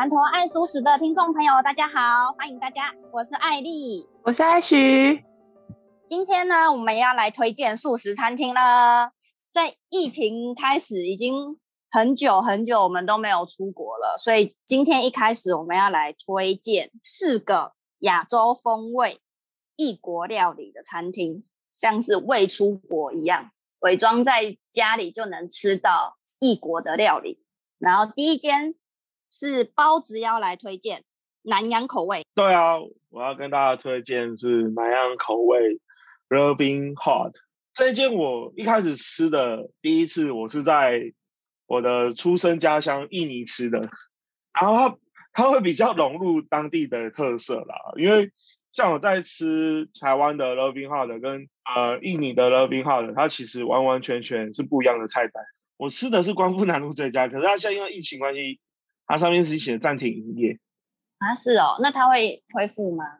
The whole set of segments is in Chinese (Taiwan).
饅頭愛素食的聽眾朋友，大家好，歡迎大家，我是艾麗，我是艾徐。今天呢，我們要來推薦素食餐廳啦。在疫情開始已經很久很久，我們都沒有出國了，所以今天一開始我們要來推薦四個亞洲風味異國料理的餐廳，像是未出國一樣，偽裝在家裡就能吃到異國的料理。然後第一間。是包子要來推薦南洋口味。對啊，我要跟大家推薦是南洋口味，熱浪島這一間。我一開始吃的第一次，我是在我的出生家鄉印尼吃的。然後它它會比較融入當地的特色啦，因為像我在吃台灣的熱浪島跟呃印尼的熱浪島，它其實完完全全是不一樣的菜單。我吃的是光復南路這家，可是它現在因為疫情關係。它、啊、上面是寫的暫停營業。啊是哦，那他會恢復嗎？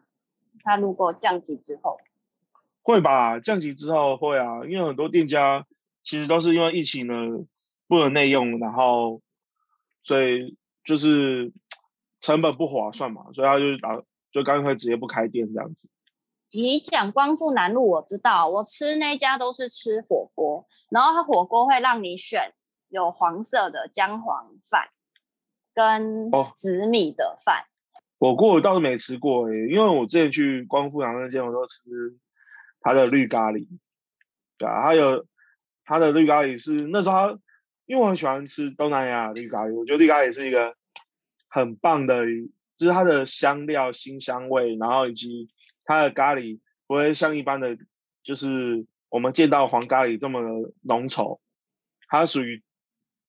他如果降級之後，會吧，降級之後會啊，因為很多店家其實都是因為疫情呢不能內用，然後所以就是成本不划算嘛，所以他就打就乾脆直接不開店這樣子。你講光復南路，我知道，我吃那家都是吃火鍋，然後他火鍋會讓你選有黃色的薑黃飯。跟哦紫米的飯，哦、我我倒是沒吃過哎，因為我之前去光復堂那間，我都吃它的綠咖喱，對啊，還有它的綠咖喱是那時候，因為我很喜歡吃東南亞綠咖喱，我覺得綠咖喱是一個很棒的，就是它的香料辛香味，然後以及它的咖喱不會像一般的，就是我們見到黃咖喱這麼的濃稠，它屬於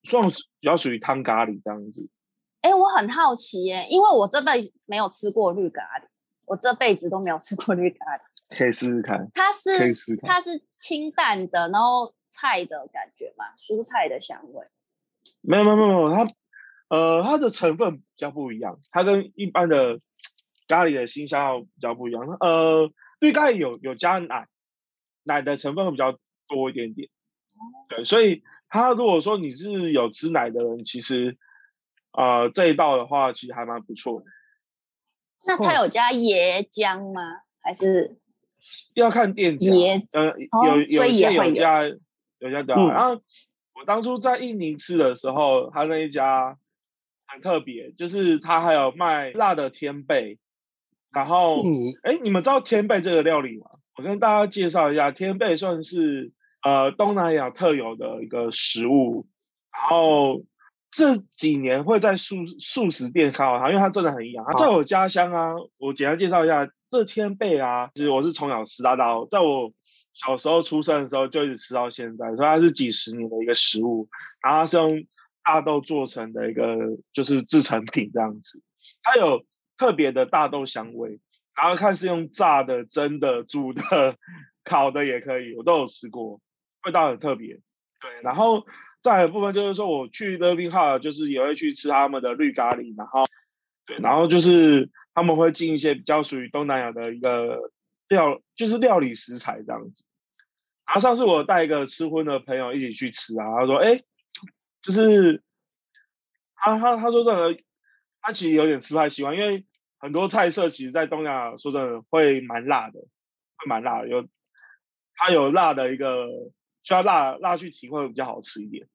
算比較屬於湯咖喱這樣子。哎，我很好奇耶，因為我這輩子沒有吃過綠咖喱，我這輩子都沒有吃過綠咖喱，可以試試看。它是可以試試看，它是清淡的，然後菜的感覺嘛，蔬菜的香味。沒有沒有沒有，它呃它的成分比較不一樣，它跟一般的咖喱的辛香料比較不一樣。呃，綠咖喱有有加奶，奶的成分會比較多一點點。哦。對，所以它如果說你是有吃奶的人，其實。啊、呃，這一道的話其實還蠻不錯的。那他有加椰漿嗎、哦？還是要看店家。椰呃、哦、有有有家嗯，有有有，些有有，家有一家，啊、然後我當初在印尼吃的時候，它那一家很特別，就是他還有賣辣的天貝。然後，哎、欸，你們知道天貝這個料理嗎？我跟大家介紹一下，天貝算是呃東南亞特有的一個食物，然後。嗯這幾年會在素素食店看它，因為它真的很營養，啊。在我家鄉啊，我簡單介紹一下，這天貝啊，其實我是從小吃到大、大。在我小時候出生的時候，就一直吃到現在，所以它是幾十年的一個食物。然後它是用大豆做成的一個，就是製成品這樣子。它有特別的大豆香味，然後看是用炸的、蒸的、煮的、烤的也可以，我都有吃過，味道很特別。對，然後。再一部分就是說，我去勒賓哈爾，就是也會去吃他們的綠咖喱，然後對，然後就是他們會進一些比較屬於東南亞的一個料，就是料理食材這樣子。然後上次我帶一個吃葷的朋友一起去吃啊、欸就是，他說：“哎，就是他他他說這個，他其實有點吃不太習慣，因為很多菜色其實，在東南亞說真的會蠻辣的，會蠻辣的，有他有辣的一個需要辣辣去體會，會比較好吃一點。”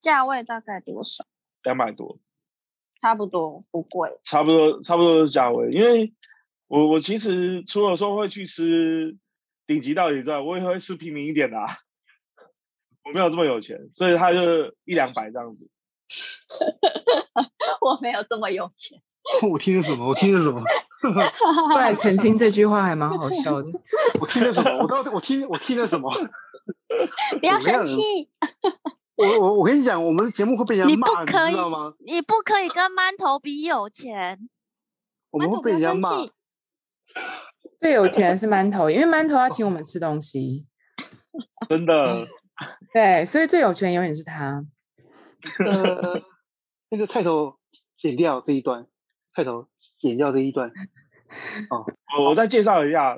價位大概多少？兩百多，差不多不貴。差不多，差不多是價位。因為我我其實除了說會去吃頂級到底之外，我也會吃平民一點的啊。我沒有這麼有錢，所以他就一兩百這樣子。 我沒有這麼有錢。我聽了什麼？我聽了什麼？後來澄清，這句話還蠻好笑的。 我聽了什麼？我到底我聽我聽了什麼？ 不要生氣。 我我我跟你講，我們的節目會被人家罵，你不可以，你知道嗎？你不可以跟饅頭比有錢，我們會被人家罵。 最有錢是饅頭，因為饅頭要請我們吃東西。哦，真的。 對，所以最有錢人永遠是他。呃，那個菜頭剪掉這一段，菜頭剪掉這一段。哦，我再介紹一下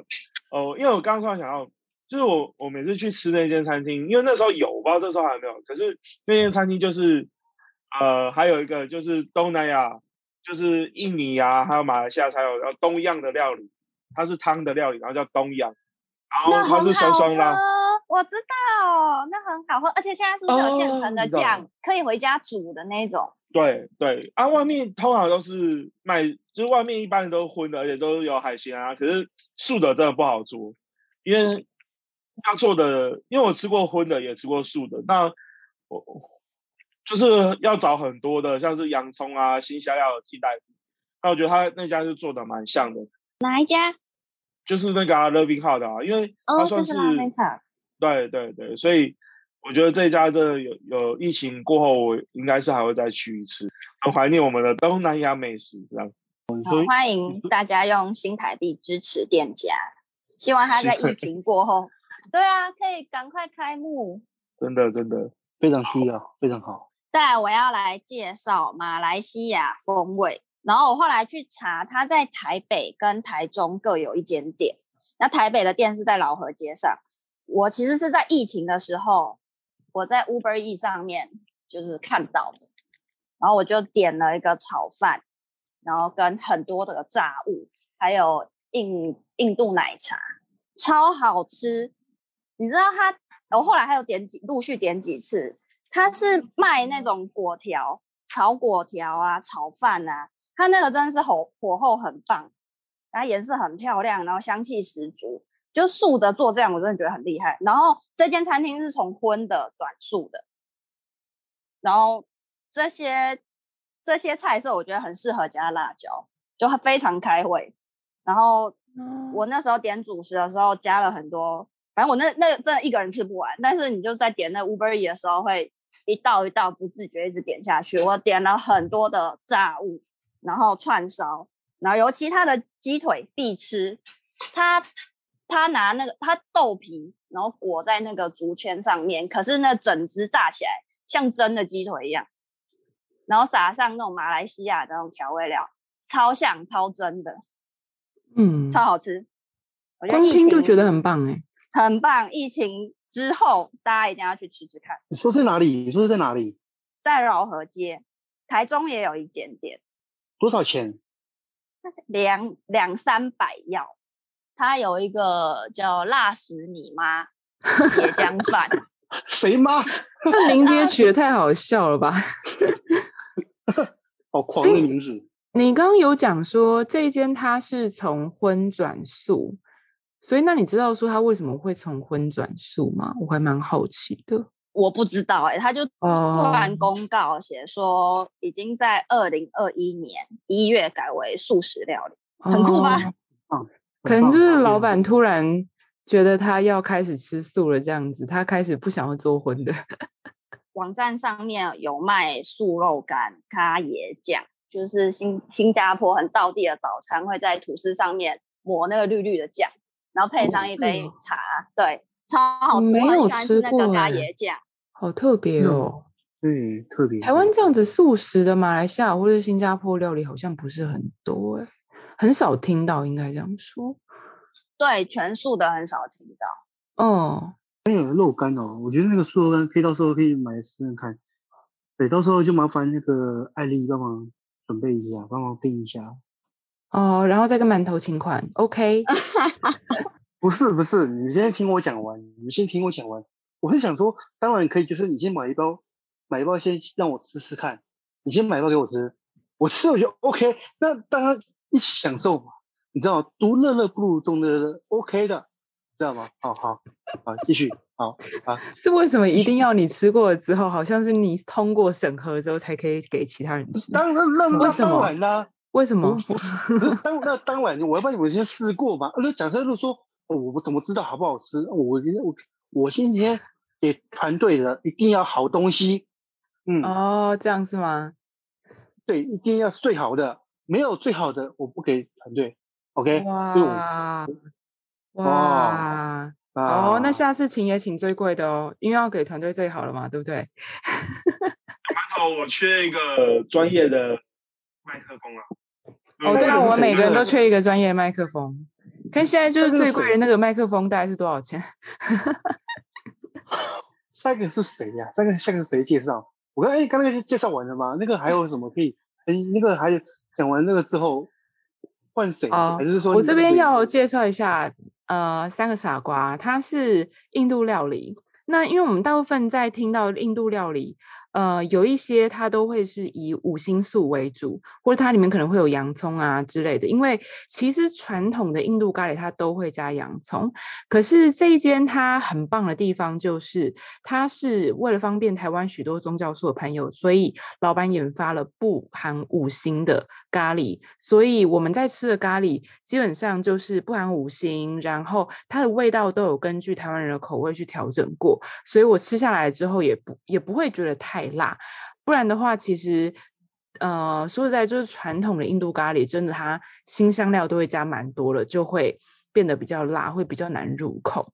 哦，因為我剛剛，剛想要。就是我，我每次去吃那間餐廳，因為那時候有，我不知道這時候還有沒有。可是那間餐廳就是，呃，還有一個就是東南亞，就是印尼啊，還有馬來西亞才有，還有然後東洋的料理，它是湯的料理，然後叫東洋，然後它是酸酸的、啊。我知道，那很好喝，而且現在是不是有現成的醬、哦、可以回家煮的那一種？對對，啊，外面通常都是賣，就是外面一般都葷的，而且都有海鮮啊。可是素的真的不好煮，因為。他做的，因為我吃過葷的，也吃過素的，那我就是要找很多的，像是洋蔥啊、辛香料替代。那我覺得他那家是做的蠻像的，哪一家？就是那個熱浪島啊，因為哦，就是熱浪島。對對對，所以我覺得這家的有有疫情過後，我應該是還會再去一次，很懷念我們的東南亞美食這樣。好，歡迎大家用新台幣支持店家，希望他在疫情過後。對啊，可以趕快開幕，真的真的非常需要，非常好。再來，我要來介紹馬來西亞風味。然後我後來去查，它在台北跟台中各有一間店。那台北的店是在老河街上。我其實是在疫情的時候，我在 Uber Eats 上面就是看到的，然後我就點了一個炒飯，然後跟很多的炸物，還有印印度奶茶，超好吃。你知道他，我後來還有點幾，陸續點幾次。他是賣那種果條，炒果條啊，炒飯啊，他那個真的是火火候很棒，然後顏色很漂亮，然後香氣十足。就素的做這樣，我真的覺得很厲害。然後這間餐廳是從葷的轉素的，然後這些這些菜色我覺得很適合加辣椒，就他非常開胃。然後我那時候點主食的時候加了很多。反正我那那個、真的一個人吃不完，但是你就在點那 Uber Eats 的時候，會一道一道不自覺一直點下去。我點了很多的炸物，然後串燒，然後尤其他的雞腿必吃。他他拿那個他豆皮，然後裹在那個竹籤上面，可是那整只炸起來像真的雞腿一樣，然後撒上那種馬來西亞的那種調味料，超像超真的，嗯，超好吃。我一直就覺得很棒哎、欸。很棒！疫情之後，大家一定要去吃吃看。你說在哪裡？你說在哪裡？在饒河街，台中也有一間店。多少錢？兩兩三百要。他有一個叫“辣死你媽”椰漿飯。誰 媽誰嗎？這名字取得太好笑了吧？好狂的名字！你剛剛有講說，這間他是從葷轉素。所以，那你知道說他為什麼會從葷轉素嗎？我還蠻好奇的。我不知道哎、欸，他就突然公告寫說，已經在二零二一年一月改為素食料理，很酷吧、哦嗯？可能就是老闆突然覺得他要開始吃素了，這樣子，他開始不想要做葷的。網站上面有賣素肉乾，咖椰醬，就是新新加坡很道地的早餐會在吐司上面抹那個綠綠的醬。然後配上一杯茶，哦、對，超好吃。我沒有吃過在那個。好特別哦，對、嗯嗯，特別。台灣這樣子素食的馬來西亞或者新加坡料理好像不是很多哎，很少聽到，應該這樣說。對，全素的很少聽到。哦，哎、嗯、有肉乾哦，我覺得那個素肉乾可以到時候可以買試試看。對，到時候就麻煩那個艾莉幫忙準備一下，幫忙訂一下。哦，然後再跟饅頭請款，OK。 不是不是，你先聽我講完。你先聽我講完。我是想說，當然可以，就是你先買一包，買一包先讓我吃吃看。你先買一包給我吃，我吃了就 OK。那大家一起享受嘛，你知道獨樂樂不如眾樂樂，OK 的，知道嗎？好好好，繼續，好，好 啊。 這為什麼一定要你吃過了之後，好像是你通過審核之後才可以給其他人吃？當然，那那當然啦、啊。為什麼？ 當那當晚，我要不然我先試過嘛。那假設如果說，我、哦、我怎麼知道好不好吃？哦、我我我今天給團隊的一定要好東西。嗯，哦，這樣是嗎？對，一定要最好的，沒有最好的我不給團隊。OK？哇哇，哇哦，哦，哦，那下次請也請最貴的哦，因為要給團隊最好的嘛，對不對？還好，我缺一個專業的麥克風啊。哦，對啊，我們每個人都缺一個專業的麥克風。看現在就是最貴的那個麥克風大概是多少錢？ 下一個是誰呀、啊？那個下一個是誰介紹？我剛哎，剛才那介紹完了嗎？那個還有什麼可以？哎，那個還有講完那個之後換誰、哦？還是說我這邊要介紹一下？呃，三個傻瓜，他是印度料理。那因為我們大部分在聽到印度料理。呃，有一些它都會是以五辛素為主，或者它裡面可能會有洋蔥啊之類的。因為其實傳統的印度咖喱，它都會加洋蔥，可是這一間它很棒的地方就是，它是為了方便台灣許多宗教素的朋友，所以老闆研發了不含五辛的咖喱。所以我們在吃的咖喱基本上就是不含五辛，然後它的味道都有根據台灣人的口味去調整過。所以我吃下來之後也不也不會覺得太。辣，不然的話，其實呃，說實在，就是傳統的印度咖喱，真的它辛香料都會加蠻多了，就會變得比較辣，會比較難入口。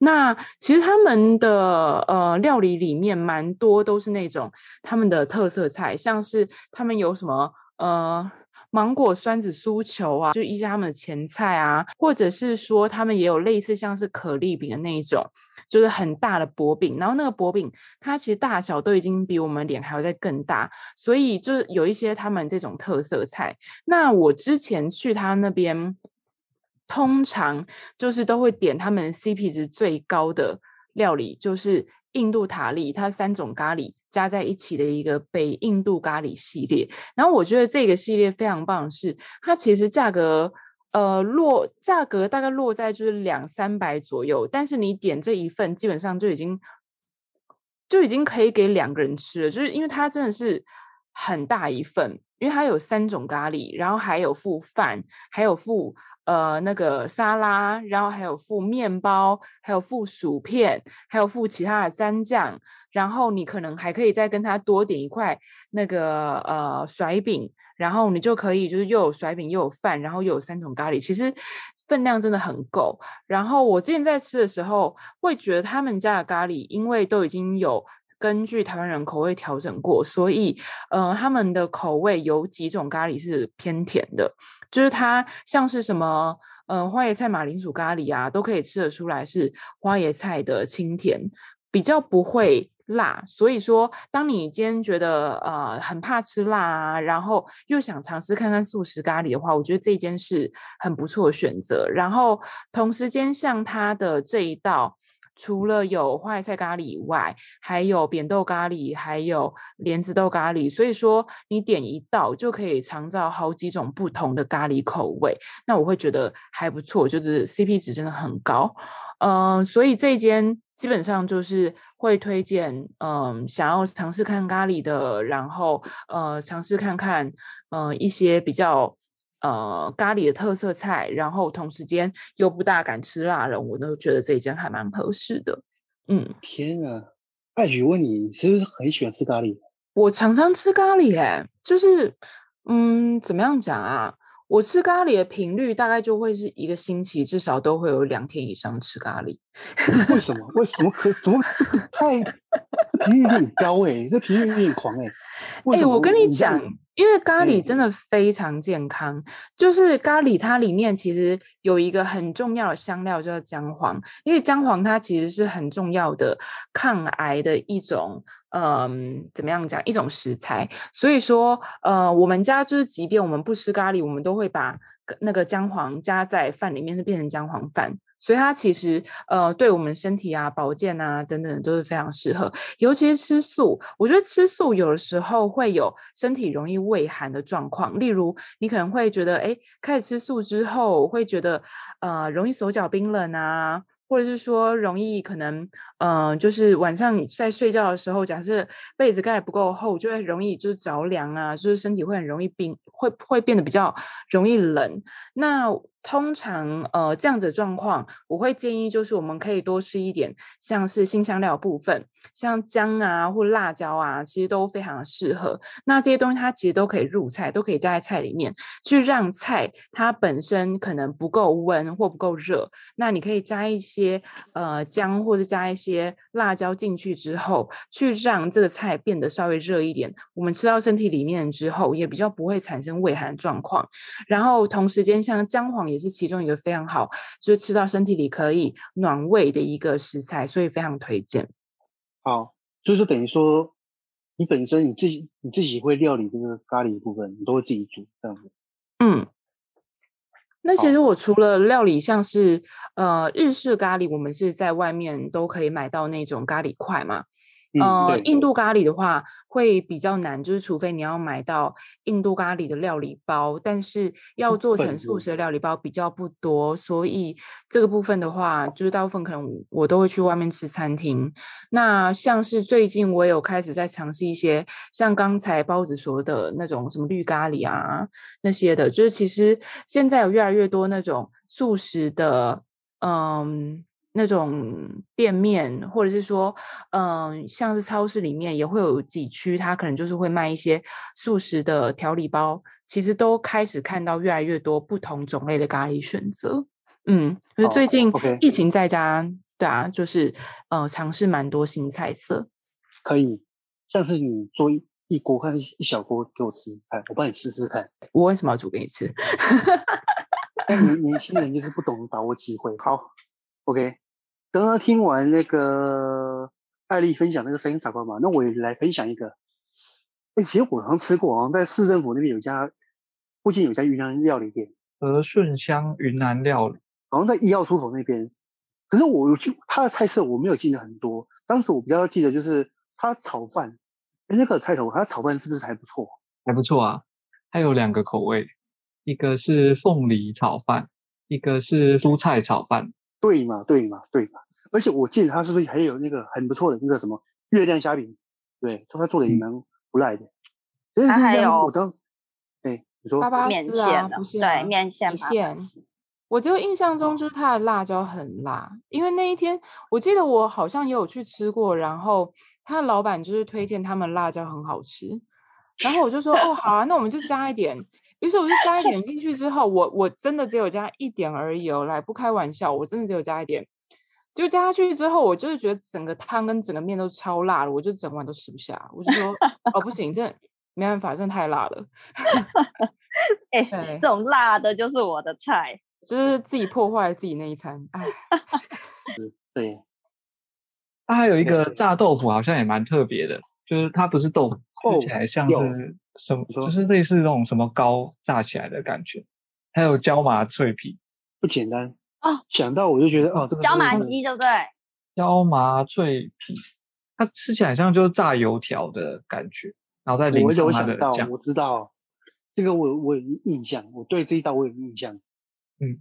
那其實他們的呃料理裡面蠻多都是那種他們的特色菜，像是他們有什麼呃。芒果酸子酥球啊，就一些他們的前菜啊，或者是說他們也有類似像是可麗餅的那一種，就是很大的薄餅，然後那個薄餅它其實大小都已經比我們臉還要再更大，所以就是有一些他們這種特色菜。那我之前去他那邊，通常就是都會點他們 CP 值最高的料理，就是。印度塔利，它三種咖喱加在一起的一個北印度咖喱系列。然後我覺得這個系列非常棒是，是它其實價格呃落價格大概落在就是兩三百左右，但是你點這一份基本上就已經就已經可以給兩個人吃了，就是因為它真的是很大一份，因為它有三種咖喱，然後還有附飯，還有附。呃，那個沙拉，然後還有附麵包，還有附薯片，還有附其他的蘸醬。然後你可能還可以再跟他多點一塊那個呃甩餅，然後你就可以就是又有甩餅又有飯，然後又有三種咖喱，其實分量真的很夠。然後我之前在吃的時候，會覺得他們家的咖喱，因為都已經有。根據台灣人口味調整過，所以，呃，他們的口味有幾種咖喱是偏甜的，就是它像是什麼，呃，花椰菜馬鈴薯咖喱啊，都可以吃得出來是花椰菜的清甜，比較不會辣。所以說，當你今天覺得呃很怕吃辣、啊，然後又想嘗試看看素食咖喱的話，我覺得這間是很不錯的選擇。然後同時間，像它的這一道。除了有花椰菜咖喱以外，還有扁豆咖喱，還有蓮子豆咖喱。所以說，你點一道就可以嘗到好幾種不同的咖喱口味。那我會覺得還不錯，就是 CP 值真的很高。嗯、呃，所以這間基本上就是會推薦。嗯、呃，想要嘗試看咖喱的，然後呃，嘗試看看嗯、呃、一些比較。呃，咖喱的特色菜，然後同時間又不大敢吃辣人，我都覺得這一間還蠻合適的。嗯，天啊，艾宇問你，你是不是很喜歡吃咖喱？我常常吃咖喱，欸，哎，就是，嗯，怎麼樣講啊？我吃咖喱的頻率大概就會是一個星期至少都會有兩天以上吃咖喱。 為什麼？為什麼可怎麼太 頻率有點高哎、欸？這頻率有點狂哎、欸。哎、欸，我跟你講。你因為咖喱真的非常健康，嗯，就是咖喱它裡面其實有一個很重要的香料，就叫薑黃，因為薑黃它其實是很重要的抗癌的一種，嗯，怎麼樣講，一種食材。所以說，呃，我們家就是即便我們不吃咖喱，我們都會把那個薑黃加在飯裡面，就變成薑黃飯。所以它其實呃，對我們身體啊、保健啊等等都是非常適合。尤其是吃素，我覺得吃素有的時候會有身體容易胃寒的狀況。例如，你可能會覺得，哎，開始吃素之後，會覺得呃，容易手腳冰冷啊，或者是說容易可能呃，就是晚上你在睡覺的時候，假設被子蓋不夠厚，就會容易就是着涼啊，就是身體會很容易冰，會會變得比較容易冷。那通常，呃，這樣子的狀況，我會建議就是我們可以多吃一點，像是辛香料部分，像薑啊或辣椒啊，其實都非常適合。那這些東西它其實都可以入菜，都可以加在菜裡面，去讓菜它本身可能不夠溫或不夠熱。那你可以加一些呃薑或者加一些辣椒進去之後，去讓這個菜變得稍微熱一點。我們吃到身體裡面之後，也比較不會產生胃寒狀況。然後同時間，像薑黃。也是其中一個非常好，就是吃到身體裡可以暖胃的一個食材，所以非常推薦。好，就是等於說，你本身你自己你自己會料理這個咖喱的部分，你都會自己煮這樣子。嗯，那其實我除了料理，像是呃日式咖喱，我們是在外面都可以買到那種咖喱塊嘛。嗯、呃，印度咖喱的話會比較難，就是除非你要買到印度咖喱的料理包，但是要做成素食的料理包比較不多，所以這個部分的話，就是大部分可能我都會去外面吃餐廳。那像是最近我有開始在嘗試一些，像剛才包子說的那種什麼綠咖喱啊那些的，就是其實現在有越來越多那種素食的，嗯。那種店面，或者是說，嗯、呃，像是超市裡面也會有幾區，它可能就是會賣一些素食的調理包。其實都開始看到越來越多不同種類的咖喱選擇。嗯，可是最近疫情在家，oh, okay. 對啊，就是呃，嘗試蠻多新菜色。可以，像是你做一鍋或者一小鍋給我吃，我幫你試試看。我為什麼要煮給你吃？ 年年輕人就是不懂得把握機會。好，OK。剛剛聽完那個艾麗分享那個三個傻瓜嘛，那我也來分享一個。哎、欸，其實我好像吃過，好像在市政府那邊有家，附近有家雲南料理店，和順鄉雲南料理，好像在一號出口那邊。可是我就他的菜色我沒有記得很多，當時我比較記得就是他炒飯、欸，那個菜頭他炒飯是不是還不錯？還不錯啊，他有兩個口味，一個是鳳梨炒飯，一個是蔬菜炒飯。對嘛，對嘛，對嘛。而且我記得他是不是還有那個很不錯的那個什麼月亮蝦餅？對，說他做的也蠻不賴的。啊、是這是哎，你說巴巴、啊、麵線了，了？對，麵線。我就印象中就是他的辣椒很辣，哦、因為那一天我記得我好像也有去吃過，然後他的老闆就是推薦他們辣椒很好吃，然後我就說 哦好啊，那我們就加一點。於是我就加一點進去之後，我我真的只有加一點而已哦，來不開玩笑，我真的只有加一點。就加下去之後，我就是覺得整個湯跟整個麵都超辣了，我就整碗都吃不下。我就說，哦，不行，這沒辦法，真的太辣了。哎、 欸，這種辣的，就是我的菜，就是自己破壞自己那一餐。哎，對。它還有一個炸豆腐，好像也蠻特別的，就是它不是豆腐，看起來像是什麼，就是類似那種什麼糕炸起來的感覺，還有椒麻脆皮，不簡單。哦，想到我就覺得哦，這個椒麻雞對不對？椒麻脆皮，它吃起來像就是炸油條的感覺，然後再淋上它的醬，我有想到我，我知道這個我，我我有印象，我對這一道我有印象。嗯，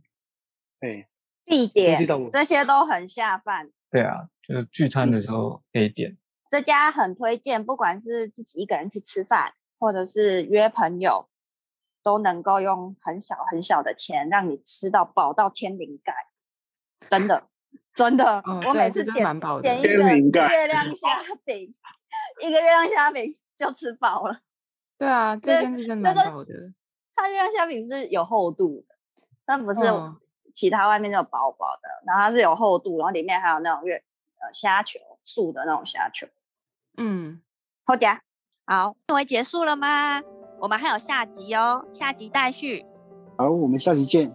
哎，必點，這這些都很下飯。對啊，就是聚餐的時候可以點。嗯。這家很推薦，不管是自己一個人去吃飯，或者是約朋友，都能夠用很小很小的錢讓你吃到飽到天靈蓋，真的，真的。 我每次點、哦、點、點一個月亮蝦餅， 一個月亮蝦餅就吃飽了。對啊，這件事真蠻飽的、的、那個。它月亮蝦餅是有厚度的，但不是其他外面那種薄薄的。然後它是有厚度，然後裡面還有那種月呃蝦球，素的那種蝦球。嗯，好佳，好，認為結束了嗎？我們還有下集哦，下集待續。好，我們下期見。